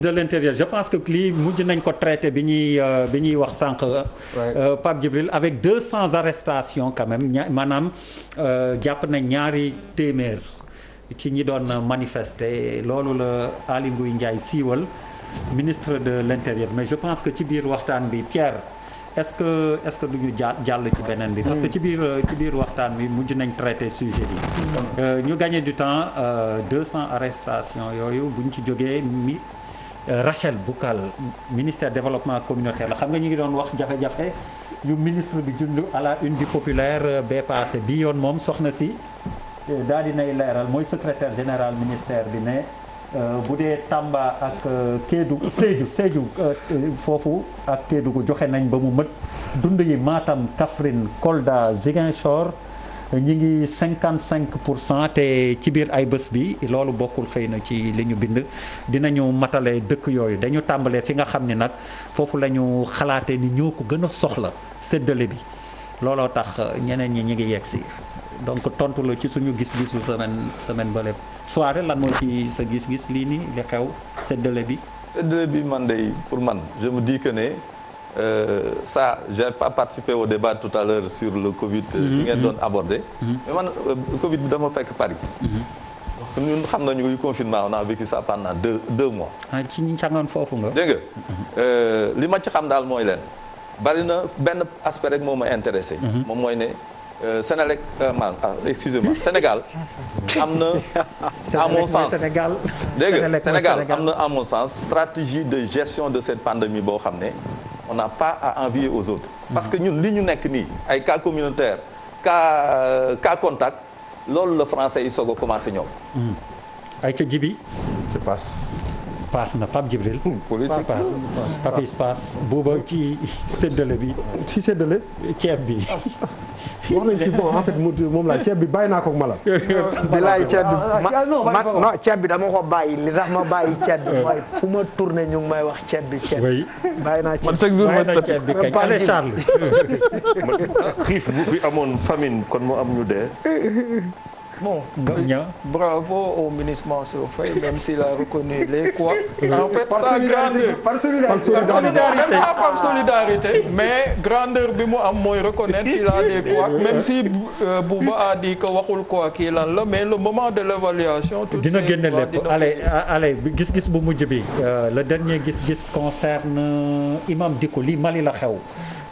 de l'intérieur je pense que lii mujj nañ ko traité bi ñuy euh, bi ñuy wax sànq. Euh, euh, Pape Djibril avec deux cents arrestations quand même ña maanaam jàpp nañ ñaari téeméer ci ñi doon manifester loolu la Aly Ngouille Ndiaye siiwal ministre de l'intérieur mais je pense que ci biir waxtaan bi Pierre est-ce que est-ce que duñu jàll jàll ci beneen bi. parce que ci biir biir waxtaan bi mujj nañ traité sujet yi mm. ñu gagné du temps deux cents arrestations yooyu buñ ci jógee mi. Euh, Rachel Boucal ministère développement communautaire la xam nga ñu ngi doon wax jafe-jafe yu ministre bi jundu à la une du populaire euh, bee passé bi yoon moom soxna si euh, daal di nay leeral mooy secrétaire général ministère bi ne bu dee Tamba ak Kédougou Sédhiou Sédhiou foofu ak Kédougou joxe nañ ba mu mët dund yi Matam Kaffrine Kolda Ziguinchor ñi ngi 55 pour cent te ci biir ay bés bi loolu bokkul xëy na ci li ñu bind dina dinañu matale dëkk yooyu dañu tàmbalee fi nga xam ni nag foofu la ñu xalaate ni ñoo ko gën a soxla séddale bi looloo tax ñeneen ñi ñi ngi yegg si donc tontu la ci suñu gis-gisu semaine semaine ba lépp soirée lan moo ci sa gis-gis lii nii li xew séddale bi séddale bi man day pour man je me ne Euh, ça j'ai pas participé au débat tout à l'heure sur le Covid. li euh, mhm, ngeen mhm. doon abordé. Mhm. mais man euh, Covid bi dama fekk Paris. ñun xam nañu yu confinement on a vécu ça pendant deux deux mois. ah ci ñi càngoon foofu nga. dégg nga euh, li ma ci xam daal mooy leen bari na benn aspect rek moo intéressé. moom mooy ne Sénélec man ah, excusez-moi Sénégal am na à mon sens dégg nga Sénégal am na à mon sens stratégie de gestion de cette pandémie boo xam ne. on n'a pas à envier aux autres. parce que ñun li ñu nekk nii ay cas communautaire cas euh, cas contact loolu la français yi soog a commencé ñoom. Hmm. ay ca jibi je paas na Pape Djibril. Hmm, politique paas paas paas. ci séddale bi. ci séddale. ceeb bi. Ah. wax nañ ci bon moom la ceeb bi bàyyi naa ko ak mala. bilaay ceeb bi ah, ah, ma ah, ceeb bi dama ko bàyyi li tax ma bàyyi ceeb bi mooy fu ma tourné ñu ngi may wax ceeb bi ceeb bi. bàyyi naa ceeb bi bàyyi naa ceeb bi kañ allez Charles. xiif bu fi amoon famine kon mu am ñu dee. Bon, bravo au ministre Mansour Faye, même s'il a les quoi. En fait, sa grandeur, par solidarité, même mais grandeur bi mu am mooy reconnaître qu'il a si euh, Bouba a waxul quoi kii la mais le moment de l'évaluation tout dina génne lépp allez allez gis-gis bu mujj bi euh, le dernier gis-gis concerne euh, Imam Dicko li Mali la xew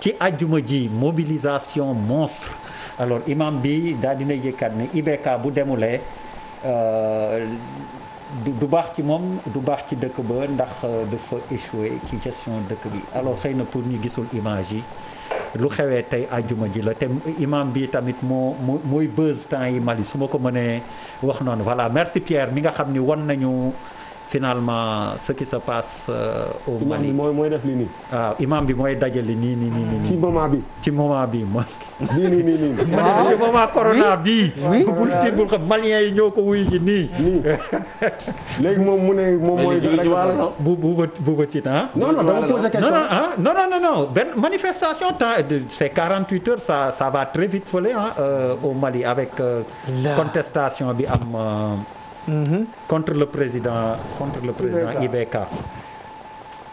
ci àjjuma ji mobilisation monstre alors imam bi daal dina yëkkat ni IBK bu demulee euh, du baax ci moom du baax ci dëkk ba ndax euh, dafa échoué ci gestion dëkk bi alors xëy na pour ñu gisul image yi lu xewee tey àjjuma ji la te imam bi tamit moo moo mooy buzz temps yi Mali su ma ko mënee wax noonu voilà merci Pierre mi nga xam ni won nañu finalement ce qui se passe euh, au Mali imam bi mooy def lii nii. waaw ah, bi mooy dajale ci moment bi ci moment bi mooy. nii nii nii nii. ci moment corona bii. bul tiit bul xam malien ñoo ko wuyu ji nii. nii léegi moom mu ne moom mooy. bu bu bu bu ba tiit ah. non non dama posé question ah, non non non non benn manifestation temps heures ça va très vite fële ah euh, au Mali avec. Euh, contestation bi am. Mhm. contre le président contre le président IBK.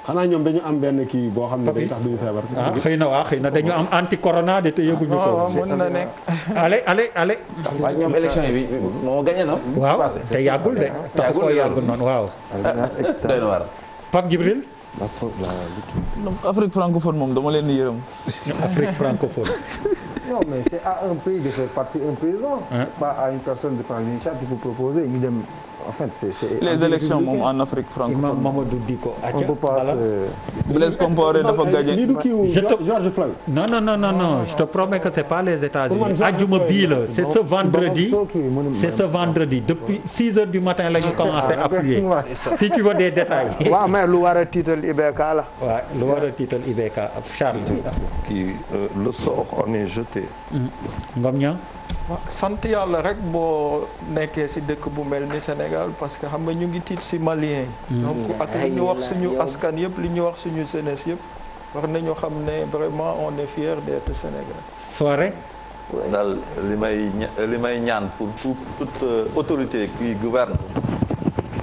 xanaa ñoom dañu am benn kii boo xam ne day tax duñu feebar. Ah, xëy na waa xëy na dañu am anti corona de te yëguñu ko. waaw mën na nekk. allez allez allez. waaw ñoom élection yi na. waaw te yàggul de. tax ko yàggul noonu waaw. doy na la la Afrique francophone moom dama leen di yërëm. Afrique francophone. non mais c'est à un pays de faire partie un paysan. pas à une personne de prendre l'initiative pour proposer ñu dem. en fait c'est les élections moom en Afrique francophone Mamadou Diko Blaise Compaoré dafa gagné George Floyd non non non non je te promets que c'est pas les États-Unis ajuma bii la c'est ce vendredi c'est ce vendredi depuis 6 heures du matin la ñu ah, commencé affluer si tu veux des détails waaw mais lu war a tiital IBK la waaw lu war a tiital IBK Charles kii euh, le sort on est jeté ngom ñaa sant yàlla rek boo nekkee si dëkk bu mel ni Sénégal Sénégal parce que xam nga ñu ngi tiit si malien yi mm. donc ak li ñu wax suñu askan yëpp li ñu wax suñu jeunesse yëpp war nañu xam ne vraiment on est fier d'être Sénégal soirée daal li may li may ñaan pour tout toute euh, autorité qui gouverne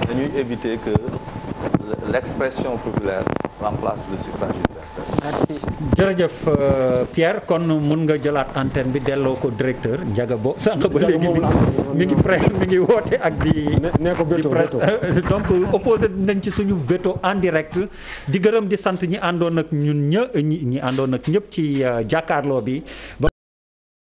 dañuy éviter que l'expression populaire remplace le suffrage universel. merci jërëjëf euh, Pierre kon mun nga jëlaat antenne bi delloo ko directeur Ndiaga Bo sànq ba léegi mi ngi pré mi ngi woote ak di. nee ko veto euh, donc opposé nañ ci suñu veto en direct di gërëm di sant ñi àndoon ak ñun ñë ñi àndoon ak ñëpp ci euh, jàkkaarloo bi.